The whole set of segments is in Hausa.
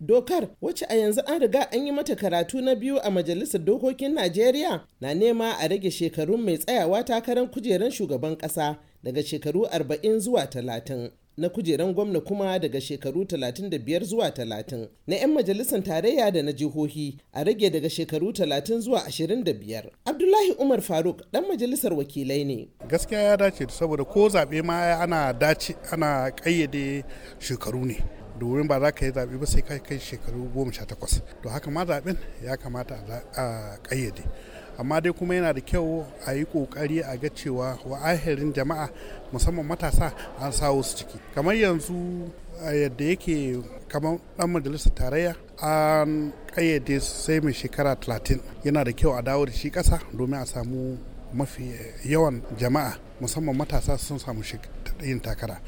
Dokar wacce a yanzu an riga an yi mata karatu na biyu a Majalisar Dokokin Najeriya na nema a rage shekarun mai tsayawa takarar kujeran shugaban ƙasa daga shekaru 40 zuwa 30. na kujeran gwamna kuma daga shekaru 35 zuwa 30 na 'yan majalisar tarayya da na jihohi a rage daga shekaru 30 zuwa 25 abdullahi umar faruk ɗan majalisar wakilai ne gaskiya ya dace saboda ko zaɓe ma ana dace ana ƙayyade shekaru ne domin ba za ka yi zaɓe ba sai ka kai shekaru goma sha takwas to haka ma zaɓen ya kamata a ƙayyade amma dai kuma yana da kyau a yi ƙoƙari a ga cewa ahirin jama'a musamman matasa an sawo su ciki kamar yanzu a yadda yake kamar ɗan majalisar tarayya an ƙayyade sai mai shekara talatin yana da kyau a dawo da shi ƙasa domin a samu mafi yawan jama'a musamman matasa sun samu yin takara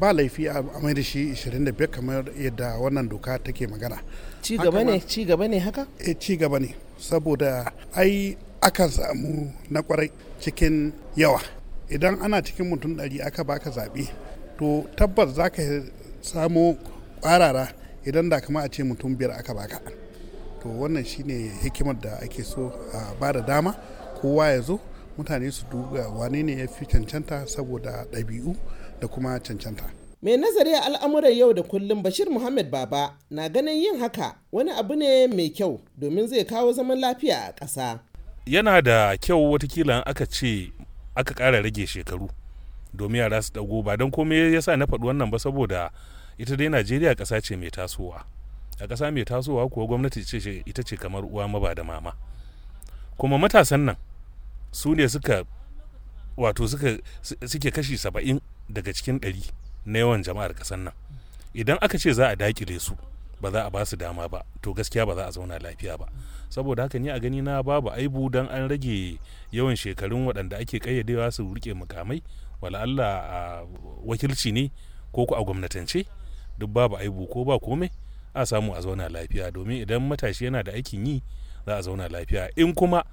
ba laifi a mai da shi 25 kamar yadda wannan doka take magana ci gaba ne ci gaba ne haka e ci gaba ne saboda ai akan samu na kwarai cikin yawa idan ana cikin mutum ɗari aka baka zaɓe to tabbas za ka samu ƙwarara idan da kama a ce mutum biyar aka baka to wannan shine hikimar da ake so a ba da dama kowa ya zo mutane su duba wane ne ya fi cancanta saboda ɗabi'u da kuma cancanta mai nazari a al'amuran yau da kullum bashir muhammad baba na ganin yin haka wani abu ne mai kyau domin zai kawo zaman lafiya a ƙasa yana da kyau watakila aka ce aka ƙara rage shekaru domin yara su ɗago ba don komai ya sa na faɗi wannan ba saboda ita dai najeriya ƙasa ce mai tasowa a ƙasa mai tasowa kuwa gwamnati ita ce kamar uwa maba da mama kuma matasan nan su ne suka wato suka suke kashi saba'in daga cikin ɗari na yawan jama'ar ƙasar nan idan aka ce za a dakile su ba za a ba su dama ba to gaskiya ba za a zauna lafiya ba saboda haka ni a gani na babu aibu don an rage yawan shekarun waɗanda ake ƙayyadewa su rike mukamai wala Allah a wakilci ne ko ku a gwamnatance duk babu aibu ko ba komai a samu a zauna lafiya domin idan matashi yana da aikin yi za a zauna lafiya in kuma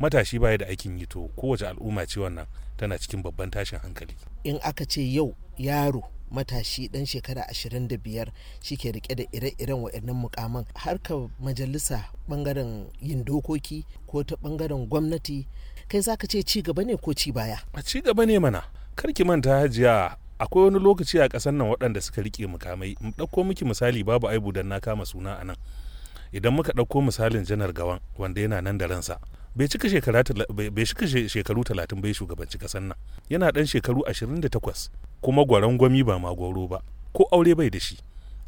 matashi baya da aikin yi to kowace al'umma ce wannan tana cikin babban tashin hankali in aka ce yau yaro matashi dan shekara 25 ke rike da ire-iren waɗannan mukaman ka majalisa bangaren yin dokoki ko ta bangaren gwamnati kai zaka ce ci gaba ne ko ci baya a ci gaba ne mana karki manta hajiya akwai wani lokaci a ƙasar nan waɗanda suka rike mukamai mu ɗauko miki misali babu aibu dan na kama suna a nan idan muka ɗauko misalin janar gawan wanda yana nan da ransa bai cika shekaru talatin bai shugabanci kasan nan yana dan shekaru ashirin da takwas kuma gwaron gwami ba ma goro ba ko aure bai da shi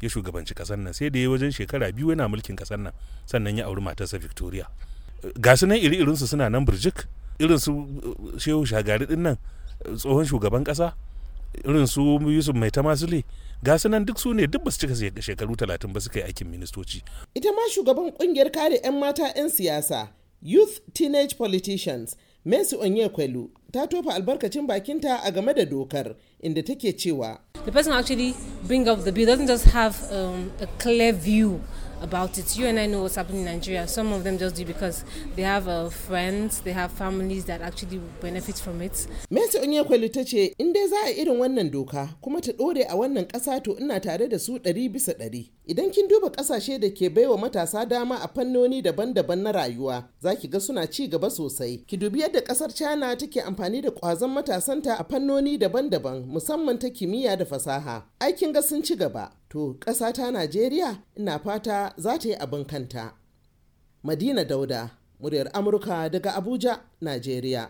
ya shugabanci kasan nan sai da ya wajen shekara biyu yana mulkin kasan nan sannan ya auri matarsa victoria ga su nan iri irinsu suna nan birjik irin su uh, shehu shagari din nan uh, tsohon shugaban kasa irin su yusuf mai tamasile ga su nan duk su ne duk basu cika shekaru talatin ba su yi aikin ministoci ita ma shugaban kungiyar kare 'yan mata 'yan siyasa Youth Teenage Politicians Mercy Onyekwelu ta tofa albarkacin bakinta a game da dokar inda take cewa The person actually bring up the bill doesn't just have um, a clear view about it. You and I know what's happening in Nigeria. Some of them just do because they have uh, friends, they have families that actually benefit from it. Mesa Onyekwelu ta ce, in dai za a irin wannan doka kuma ta ɗore a wannan ƙasa to ina tare da su ɗari bisa ɗari. Idan kin duba ƙasashe da ke baiwa matasa dama a fannoni daban-daban na rayuwa, za ki ga suna ci gaba sosai. Ki dubi yadda ƙasar China take amfani da ƙwazon matasanta a fannoni daban-daban musamman ta kimiyya da fasaha. Aikin ga sun ci gaba. to ƙasa ta najeriya ina fata za ta yi abin kanta madina dauda muryar amurka daga abuja najeriya